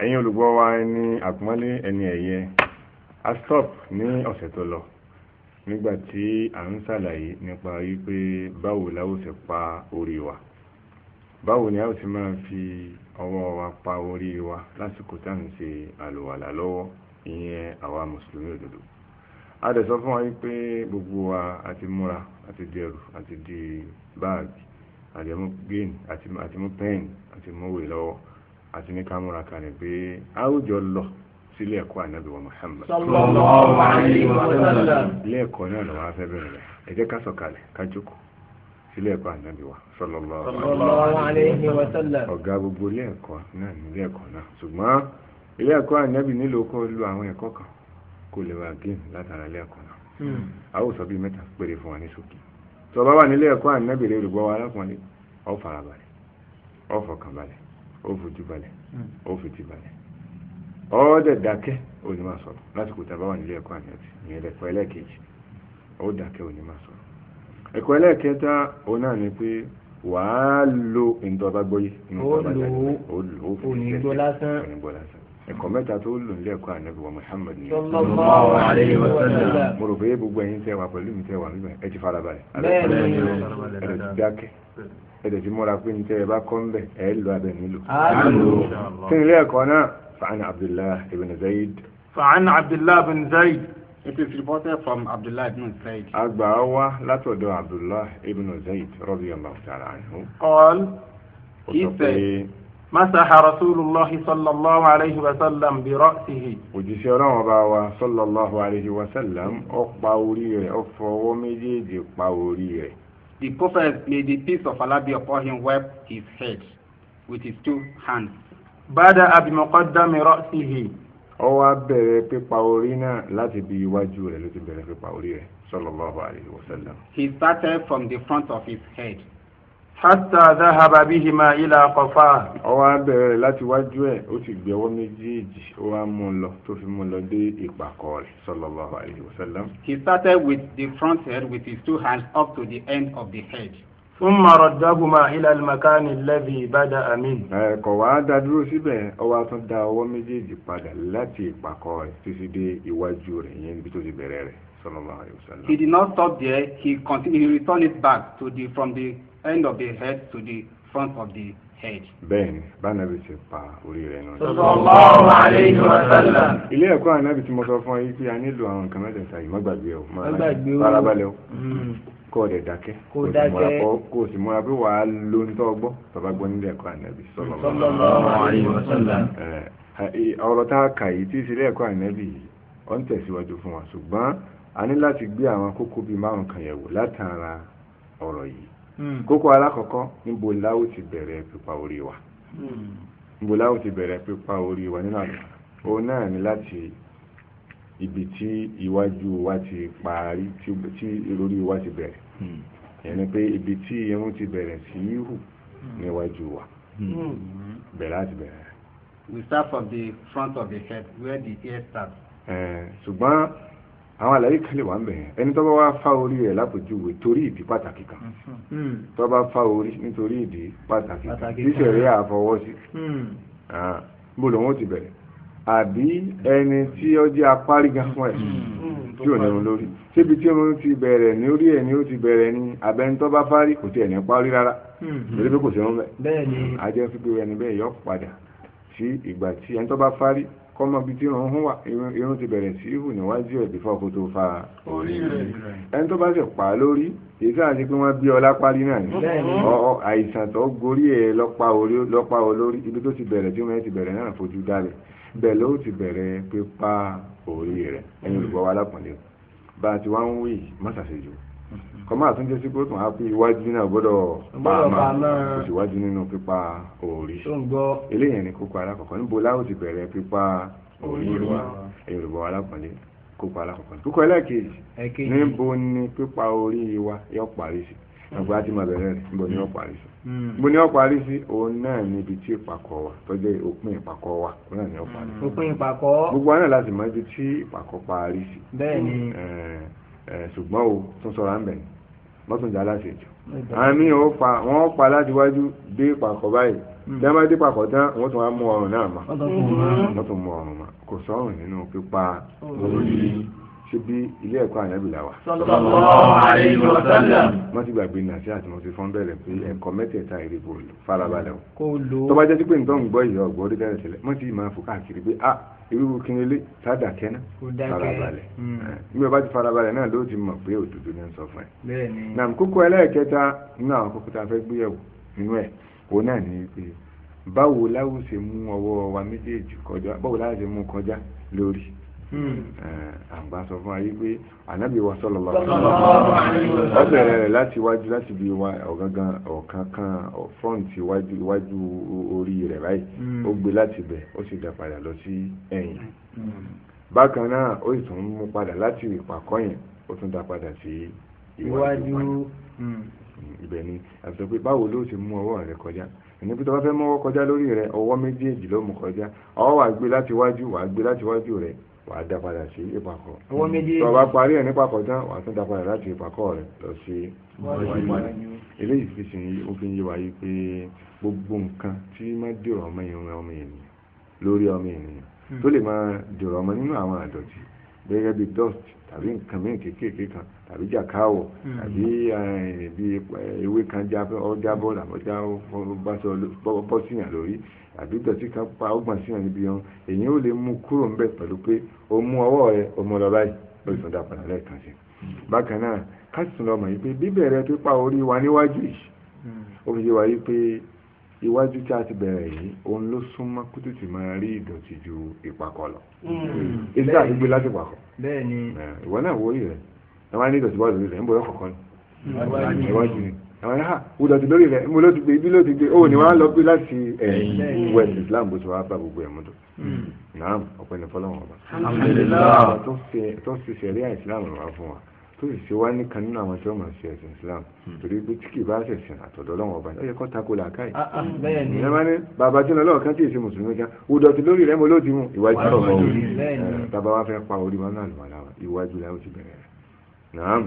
ẹ̀yin olùgbọ́ wa ẹni àpọ́nlé ẹni ẹ̀yẹ a stop ní ọ̀sẹ̀ tó lọ nígbà tí à ń ṣàlàyé nípa wípé báwo la ó ṣe pa orí wa báwo ni a ó ti máa fi ọwọ́ wa pa orí wa lásìkò tá à ń ṣe àlùwàlà lọ́wọ́ ìyẹn àwa mùsùlùmí òdodo a dẹ̀ sọ fún wa wípé gbogbo wa àti múra àti di àti di báàgì àti mú pẹ́ẹ̀nì àti mú wèé lọ́wọ́ àti ní ká múra kalẹ̀ pé àwùjọ lọ sílé ẹ̀kọ́ ànábì wa Muhammad sallallahu alaihi wa sallam ilé ẹ̀kọ́ náà lọ́wọ́ afẹ́ bẹ̀rẹ̀ rẹ̀ ẹ jẹ́ ká sọ̀kalẹ̀ ká jókòó sílé ẹ̀kọ́ ànábì wa sallallahu alaihi wa sallam ọ̀gá gbogbo ilé ẹ̀kọ́ náà ní ilé ẹ̀kọ́ náà ṣùgbọ́n ilé ẹ̀kọ́ ànábì nílò kó lu àwọn ẹ̀kọ́ kan kó lè wá géèmù látara ilé ẹ̀kọ́ náà hmm. a ó sọ bí péré fún wa ní ṣókí tó bá wà nílé ẹ̀kọ́ ànábì rẹ̀ olùgbọ́ wa alákùnrin ó ó fojú balẹ̀ ó fetí balẹ̀ ọ́ọ́dẹ̀ dákẹ́ òní máa sọ̀rọ̀ lásìkò tàbá wà nílé ẹ̀kọ́ àníyàtì ìyẹn ẹ̀kọ́ ẹlẹ́ẹ̀kejì ó dákẹ́ òní máa sọ̀rọ̀ ẹ̀kọ́ ẹlẹ́ẹ̀kẹta òun náà ni pé wàá lo ìdọ̀bá gbọ́yé onígbó lásán ẹ̀kọ́ mẹ́ta tó lò nílé ẹ̀kọ́ ànábì wa Muhammad ní mo rò pé gbogbo ẹ̀yin tẹ́ wà pẹ̀lú mi tẹ́ wà nígbà ẹ ti farabalẹ̀ ẹ ti dákẹ́ ẹ̀dẹ̀ fi múra pé níta ẹ̀ bá kọ́ ń bẹ̀ ẹ̀ lọ abẹ nílò. kí ni ilé ẹ̀kọ́ náà fa'an abdullah ibn zayd. fa'an abdullah ibn zayd. It is reported from Abdullah ibn Zayd. Agba wa látọ̀dọ̀ Abdullah ibn Zayd radiyallahu ta'ala anhu. Qal, he said, Masaha Rasulullah sallallahu alayhi wa sallam bi ra'sihi. Òjíṣẹ́ ọlọ́run ọba wa sallallahu alayhi wa sallam ó pa orí rẹ̀ ó méjèèjì pa orí rẹ̀. The Prophet, made a piece of Allah be upon him, wiped his head with his two hands. Bada abimokadami rọ́ọ̀sìhì. Ó wá bẹ̀rẹ̀ pípa orí náà láti bí iwájú rẹ̀ ló ti bẹ̀rẹ̀ pípa orí rẹ̀ sallallahu alayhi wa He started from the front of his head hatta dhahaba bihima ila qafa. ó wá láti wájú ẹ̀ ó ti gbé méjèèjì ó wá mú un lọ tó fi mú un lọ dé ìpàkọ́ rẹ̀ sallallahu alayhi wa he started with the front head with his two hands up to the end of the head. ثم ردهما إلى المكان الذي بدأ منه. ẹ kò dúró síbẹ̀ ó wá tún ọwọ́ méjèèjì padà láti ìpàkọ́ rẹ̀ títí dé iwájú rẹ̀ yẹn níbi tó ti bẹ̀rẹ̀ rẹ̀ sallallahu alayhi wa he did not stop there he continued he returned it back to the from the end of the head to the front of the head. bẹ́ẹ̀ni bánabi ti pa orí rẹ̀ nù. sallallahu alayhi wa sallam. ilé ẹ̀kọ́ ànábì tí mo sọ fún ọ yìí pé a nílò àwọn nǹkan mẹ́tẹ̀ẹ̀ta yìí má gbàgbé o má farabalẹ̀ o hmm. kó o dẹ̀ dákẹ́ kó o sì múra pé wàá ló ń tọ́ gbọ́ bàbá gbọ́ nílé ẹ̀kọ́ ànábì sallallahu alayhi wa sallam. ọ̀rọ̀ tá a kà yìí tí ìsílẹ̀ ẹ̀kọ́ ànábì yìí ọ̀ ń tẹ̀síwájú fún wa ṣùgbọ́n a ní Hmm. kókó alákọ̀ọ́kọ́ níbo láwù ti bẹ̀rẹ̀ pípa orí wa hmm. níbo láwù ti bẹ̀rẹ̀ pípa orí wa nínú àná òun náà ni láti ibi tí iwájú wa ti parí tí orí wa ti bẹ̀rẹ̀ hmm. ìyẹn ni pé ibi tí irun ti bẹ̀rẹ̀ sí hù níwájú wa bẹ̀rẹ̀ láti bẹ̀rẹ̀. we start from the front of the head where the hair starts. ṣùgbọ́n. Uh, àwọn àlàyé kan lè wà ń bẹ̀ ẹni tó bá wá fá orí rẹ̀ lápòjúwe torí ìdí pàtàkì kan hmm. tó bá fá orí nítorí ìdí pàtàkì kan tíṣẹ̀ rí àfọwọ́sí hmm. bó lòun ti bẹ̀rẹ̀ àbí ẹni tí ó jẹ́ apárí gan fún ẹ̀ hmm. tí ò nírun lórí síbi tí irun ti bẹ̀rẹ̀ ní orí ẹ̀ ni ó ti bẹ̀rẹ̀ ní abẹ́ni tó bá fárí kò tiẹ̀ ní parí rárá lórí pé kò sí irun bẹ́ẹ̀ ajẹ́ fífi ẹni bẹ́ẹ̀ yọ kọ́mọ bíi tí irun hún wà irun ti bẹ̀rẹ̀ sí hù níwájú ẹ̀ bífọ́ kó tó fa orí rẹ̀ ẹni tó bá sì pa lórí èyí sáà ṣe pé wọ́n bí ọlá parí náà ni àìsàn tó gorí ẹ̀ lọ́pa olórí ibi tó ti bẹ̀rẹ̀ tí wọ́n ti bẹ̀rẹ̀ náà fojú dálẹ̀ bẹ́ẹ̀ ló ti bẹ̀rẹ̀ pípa orí rẹ̀ ẹni olùgbọ́ wa lápọ̀lẹ́ bá a ti wá ń wí mọ́sàsẹ́jọ́ kọ́mọ́ àtúnjẹ́ sí kó tún á pé iwájú náà gbọ́dọ̀ pàmà òṣìwájú nínú pípa òòrí eléyìí ni kókó alákọ̀ọ́kọ́ níbo láwọ̀ ti bẹ̀rẹ̀ pípa òòrí wa Yorùbá alápọ̀lé kókó alákọ̀ọ́kọ́ kókó ẹlẹ́ẹ̀kejì níbo ni pípa orí wa yọ parí sí ọgbà tí mo bẹ̀rẹ̀ rẹ̀ níbo ni yọ parí sí hmm. níbo ni yọ parí sí òun náà ni ibi tí ìpàkọ́ wa tọ́jú òpin ìpàkọ́ wa òun náà ni yọ parí sí hmm. òpin ìpàkọ́ gbogbo wa náà láti mọ ibi tí ìpàkọ́ parí sí bẹ́ẹ̀ ni ṣùgbọ́n o tún sọ̀rọ̀ à ń bẹ̀rẹ̀ mọ́tún jà láti jù àmì wọ́n pa láti wájú dé pàkọ́ báyìí dáná hmm. dé pàkọ́ tán wọ́n tún wá mú ọrùn náà mọ́ wọ́n tún mú ọrùn mọ́ kò sọ́rùn nínú pípa orí ṣe bí ilé ẹ̀kọ́ àyẹ̀bìlà wa. sallallahu alaihi wa sallam. wọ́n ti gbàgbé nàṣí àti wọ́n ti fọ́n bẹ̀rẹ̀ pé ẹ̀kọ́ mẹ́tẹ̀ẹ̀ta èrè kò farabalẹ̀ o. tó bá jẹ́ sí pé nǹkan ń gbọ́ ìyá ọ̀gbọ́n dídá ah irú kínnílé sádà kẹ́ná farabalẹ̀. nígbà hmm. bá ti farabalẹ̀ náà ló ti mọ̀ pé òdodo ní sọ fún ẹ. nà kókó ẹlẹ́ẹ̀kẹta nínú àwọn kókó tá a fẹ́ gbéyẹ̀wò nínú ẹ̀ òun náà ní pé báwo láwùsẹ̀ mú ọwọ́ wa méjèèjì kọjá báwo láwùsẹ̀ mú kọjá lórí Eh, àgbà sọ fún ayé pé ànábì wa sọlọ lọ ọ bẹ̀rẹ̀ rẹ̀ láti iwájú láti bí ọ̀gángan ọ̀kánkán fọ́ǹtì iwájú orí rẹ̀ báyìí hmm. ó gbé láti bẹ̀ ó sì dá padà lọ sí ẹ̀yìn hmm. bákan náà ó sì tún mú padà láti ìpàkọ́ yẹn ó tún dá padà sí iwájú hmm. ibẹ̀ ni àti pé báwo ló ṣe mú ọwọ́ rẹ kọjá ẹni pé tó bá fẹ́ mú kọjá lórí rẹ ọwọ́ méjèèjì ló mú kọjá ọwọ́ wàá gbé láti wájú wàá gbé láti wájú rẹ wà á dá padà sí ìpàkọ́ tó o bá parí ẹ̀ nípàkọ́ tán wà á tún dá padà láti ìpàkọ́ rẹ̀ lọ sí wájú eléyìí fi sìn yí ó fi ń yé wa yí pé gbogbo nǹkan tí má dèrò ọmọ ìrìn ọmọ ènìyàn lórí ọmọ ènìyàn hmm. tó lè máa dèrò ọmọ nínú àwọn àdọ̀tí gẹ́gẹ́ bí dust tàbí nǹkan mìíràn kéékèèké kan tàbí jàkáwọ̀ hmm. tàbí eh, eh, ewé kan jábọ́ jábọ́ làbọ́já bọ́ lórí àbí dọ̀tí kan pa ọgbọ̀n sí ẹ̀yìn ibi ọ̀hún èyí ó lè mú kúrò ń bẹ̀ pẹ̀lú pé o mú ọwọ́ rẹ o mú lọ báyìí ó sì tún padà lẹ́ẹ̀kan sí bákan náà káṣíṣùn lọmọ yìí pé bíbẹ̀rẹ̀ pípa orí wa níwájú yìí ó fi yé wa yìí pé iwájú tí a ti bẹ̀rẹ̀ yìí òun ló súnmọ́ kó tètè máa rí ìdọ̀tí ju ìpakọ̀ lọ. ìdí hmm. àti gbé láti pakọ̀. ìwọ náà wọ́ọ̀yì rẹ̀ ẹ wá ní ìdọ̀tí bọ́ọ̀lù àwọn ẹ̀hà wò lọ́ọ́ ti lórí rẹ̀ mo lọ́ọ́ ti gbé ibi lọ́ọ́ ti gbé ó ní wọ́n á lọ gbé láti ẹ̀yìn west islam bó ti wá bá gbogbo ẹ̀ mú hmm. tó naam ọ̀pẹ ní fọlọ́wọ́n ọba tó fi sẹ̀ríà islam wá fún wa tó sì ṣe wá ní kan nínú àwọn tí wọ́n máa ṣe ẹ̀sìn islam hmm. torí pé tí kì bá ṣẹ̀sìn àtọ̀dọ̀ ọlọ́wọ́n ọba ó yẹ kó tako làákàyè ah, ah, ìyẹn máa ní bàbá tí lọ́wọ́ kan tí èsì mùsùlùmí kan wò lọ́ọ́ ti lórí rẹ̀ mo lọ́ọ́ ti mú ìwájú ọ̀bọ̀ òní tàbá wa fẹ́ pa orí wa náà lọ́wọ́ iwájú naam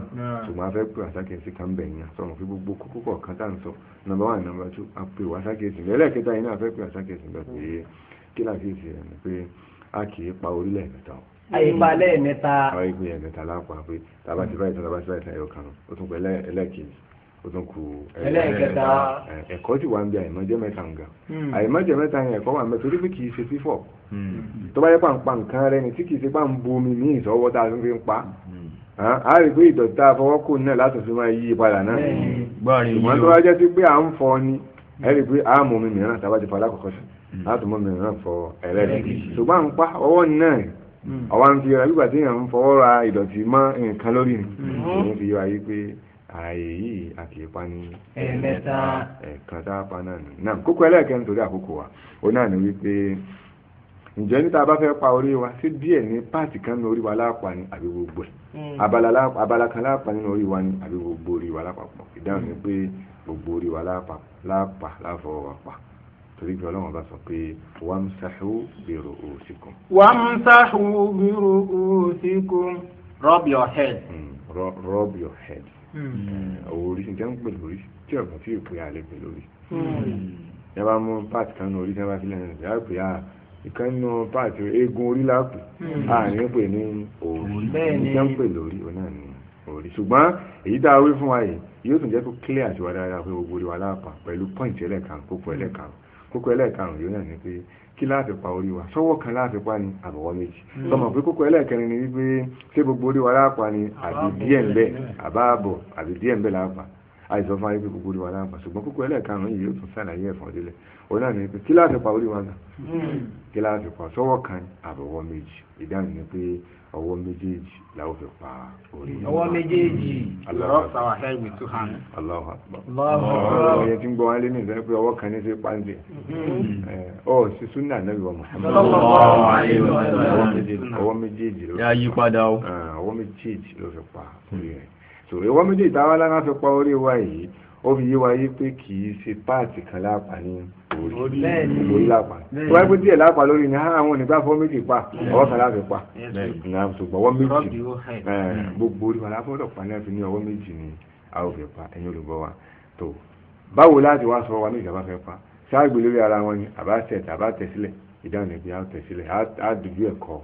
ṣùgbọ́n a fẹ́ pè àsákèsí kan bẹ̀ yẹn sọ̀rọ̀ fún gbogbo kókó kọ̀ọ̀kan tá à ń sọ nọ́mbà wà nọ́mbà tú a pè wá àsákèsí bẹ́ẹ̀ lẹ́ẹ̀kẹta yìí náà a fẹ́ pè àsákèsí bẹ́ẹ̀ pé kí làkèsí rẹ̀ ni pé a kì í pa orílẹ̀ mẹ́ta o. àyípa lẹ́ẹ̀mẹ́ta. àwọn ìpínyẹ̀ lápá pé tàbá ti báyìí tàbá ti báyìí tàyọ̀ kan ó tún pẹ́ lẹ́ẹ̀kejì ó tún kù ẹlẹ́ẹ̀kẹta eh, ẹ̀kọ́ ti wà ń bí àìmọ́jẹ́ mẹ́ta ń ga hmm. àìmọ́jẹ́ mẹ́ta yẹn ẹ̀kọ́ wà ń bẹ torí pé kìí ṣe fífọ̀ hmm. tó bá yẹ pa nǹkan rẹ ni tí kìí ṣe pa ń bu omi ní ìsọwọ́ tá a fi ń pa á hmm. rí i pé ìdọ̀tí tá a fọwọ́ kò náà láti fi máa yí i padà náà ṣùgbọ́n tó bá jẹ́ sí pé à ń fọ ni ẹ rí i pé àá mọ mìíràn tá a bá ti fọ alákọ̀ọ́kọ́ sí láti mọ omi mìíràn fọ ẹlẹ́ẹ̀kejì ṣùgbọ́n à ọwọ́ náà ọwọ́ à fi yọ ààyè yìí àti ìpa ní ẹ̀ẹ̀mẹ́ta ẹ̀ẹ̀kan tá a pa náà nù náà kókó ẹlẹ́ẹ̀kẹ́ nítorí àkókò wa ó náà ní wípé ǹjẹ́ níta bá fẹ́ pa orí wa sí díẹ̀ ní páàtì kan ní orí wa láàpá ni àbí gbogbo ẹ̀ hmm. abala kan láàpá nínú orí wa ni àbí gbogbo orí wa lápapọ̀ ìdáhùn ni pé gbogbo orí wa láàpá láfọwọ́ wa pa torí pé ọlọ́run bá sọ pé wàmsáhù bèrò òsìkò. wàmsáhù bèrò òsìkò rub your head. Hmm, rub your head. Hmm. orí nǹkan ń pè lórí tí ọ̀gbọ̀n tí ìpè àlè pè lórí ní hmm. a bá mú pàtì kan ní orí tí a bá fi lẹ́nu ìyá pè á ìkan nínú pàtì eegun orí lápè àárín hmm. ah, pè ní orí nǹkan ń pè lórí òun ni orí ṣùgbọ́n èyí tá a wí fún wa yìí yóò tún jẹ́ kó clear àti wàdára pé gbogbo orí wa lápá pẹ̀lú point ẹlẹ́kan kókó ẹlẹ́kan kókó ẹlẹ́kan yóò náà ni pé kí láàfipá orí wa sọ́wọ́ kan láàfipá ni àbọ̀wọ́ méjì hmm. sọmọ pé kókó ẹlẹ́ẹ̀kẹrin ni wípé ṣé gbogbo orí wa láàpá ni àbí díẹ̀ ń bẹ àbáàbọ̀ àbí díẹ̀ ń bẹ láàpá àìsàn fún ayépe kúkúrú wa láǹfà ṣùgbọ́n kúkú ẹlẹ́ẹ̀kanrún yìí yóò tún sàlàyé ẹ̀fọn délẹ̀ òun náà ní pé kí láti pa orí wa náà kí láti pa sọ́wọ́ kan àbọ̀wọ́ méjì ìdáhùn ni pé ọwọ́ méjèèjì làwọn fi pa orí wa. ọwọ́ méjèèjì rọ́ọ̀sà wà hẹ́ẹ̀ wì tú hàn. Allahu Akbar. ẹ̀yẹ tí ń gbọ́ wálé ní ìsẹ́yìn pé ọwọ́ kan ní sí pàǹdì. ọ sí súnà nàbì wa Muhammad. ọwọ́ méjèèjì ló fi pa orí rẹ̀ sòrò ìwọ méjì ìtawá lára fi pa orí wa yìí ó fi yé wa yí pé kì í ṣe páàtì kan lápá ní orí orí lápá tó wáyé pé díẹ̀ lápá lórí ni àwọn onígbà fọ́ méjì pa ọwọ́ kan láfi pa ṣùgbọ́n ọwọ́ méjì mm. gbogbo orí wa láfọ́dọ̀ pa náà fi ní ọwọ́ méjì ni a ò fẹ́ pa ẹ̀yin olùgbọ́ wa tó báwo láti wá sọ wa méjì àbá fẹ́ pa ṣáàgbé lórí ara wọn ni àbá tẹ̀ àbá tẹ̀ sílẹ̀ ìdáhùn ẹ̀bí á tẹ̀ sílẹ̀ á dojú ẹ̀kọ́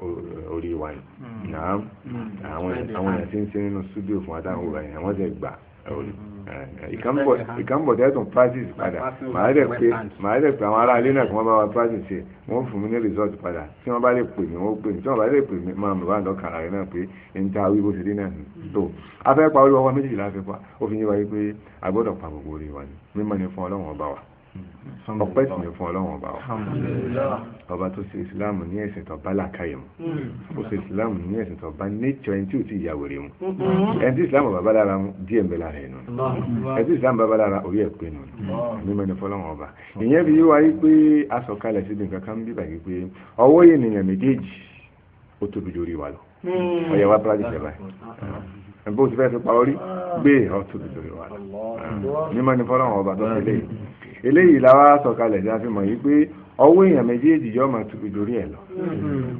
orí wa yìí hmm. náà hmm. àwọn èèyàn tí ń ṣe nínú studio fún adáhùn rẹ̀ yẹn wọ́n ti gbà orí hmm. ìkànnbọ̀ tẹ́tùn practice padà màá dẹ̀ pé màá dẹ̀ pé àwọn ará ilé náà kí wọ́n bá wa practice ṣe wọ́n fún mi ní result padà tí wọ́n bá lè pè mí wọ́n pè mí tí wọ́n bá lè pè mí máa mọ̀ bá ń dọ́kàn ara rẹ̀ náà pé n ta wí bó ti dé náà nù tó afẹ́ pa olúwa méjìlá fẹ́ pa ó fi yé wa yí pé a gbọ́dọ̀ pa gbogbo orí wa ni mímọ́ ni fún ọlọ́run ọba wa ọpẹ́ sì ni fún ọlọ́run ọba ọba tó ṣe islam ní ẹ̀sìn tó bá làkàyè mu hmm. ó ṣe islam ní ẹ̀sìn tó bá nẹ́tọ̀ ẹni tí ò ti ìyàwó rẹ̀ mu hmm. ẹni tí islam bàbá lára mu díẹ̀ ń bẹ lára ẹ̀ nù ẹni tí islam bàbá lára orí ẹ̀ pé nù ẹni mẹ́ni fọlọ́run ọba ìyẹn fi yíwa yí pé asọ̀kalẹ̀ síbi nǹkan kan bíbà yí pé ọwọ́ ènìyàn méjèèjì ó tóbi ju orí wa lọ hmm. ọ̀yẹ̀ wa bá dìjẹ̀ báyìí ẹ̀bùn ti fẹ́ fi pa orí gbé ọ̀tún nítorí wa ní mọ́ ní fọ́lọ́wọ́n ọba tó fi lè eléyìí làwa sọ̀kalẹ̀ tí a fi mọ̀ yìí pé ọwọ́ èèyàn méjèèjì yóò máa tóbi lórí ẹ̀ lọ.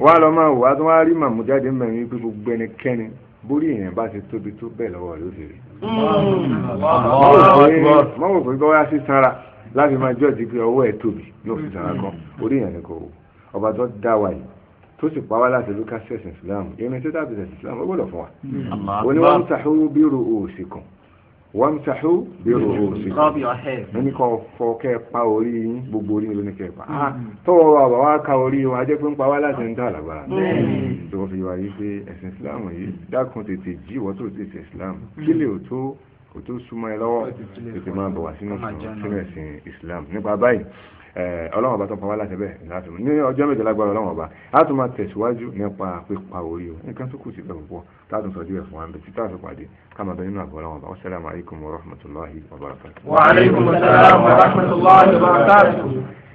wá lọ máa wò á tún wá rí màmú jáde mẹ́rin wípé gbogbo ẹnikẹ́ni bórí èèyàn bá ti tóbi tó bẹ́ẹ̀ lọ́wọ́ ló ti rí. mọ̀ wò pé bọ́wá sí sanra láti máa jọ́ọ̀jì pé ọwọ́ ẹ̀ tóbi ní òfin sanra kan orí èèyàn ni kò wò ọba tó dá wa yìí tó sì pa wá láti lukasẹ́sì islam irin títà bìtẹ̀ islam ó gbọ́dọ̀ fún wa. oníwàntàhó bírò òsì kan wamsahu bi ru'usikum rub your hair ẹni kan fọ kẹ pa orí yín gbogbo orí lónìí kẹ pa ah, mm-hmm. tọwọ́ wa bàbá ka orí wa jẹ́ pé ń pa wá láti ń dá àlàgbára tó fi wáyé pé ẹ̀sìn islam yìí dákun tètè jí ìwọ́ tó tètè islam mm. kí lè tó kò tó súnmọ́ ẹ lọ́wọ́ tètè máa bọ̀ wá sínú sínú ẹ̀sìn Islam nípa báyìí ọlọ́run ọba tó pa wá láti bẹ́ẹ̀ láti mú ní ọjọ́ méje lágbára ọlọ́run ọba a tún máa tẹ̀síwájú nípa pípa orí o nǹkan tó kù sí bẹ́ẹ̀ púpọ̀ táàtún sọ díẹ̀ fún wa bẹ́ẹ̀ títà tó pàdé ká máa nínú àbọ̀ ọlọ́run ọba wassalamu alaikum wa rahmatullahi wa barakatuh. wa alaikum assalam wa rahmatullahi wa barakatuh.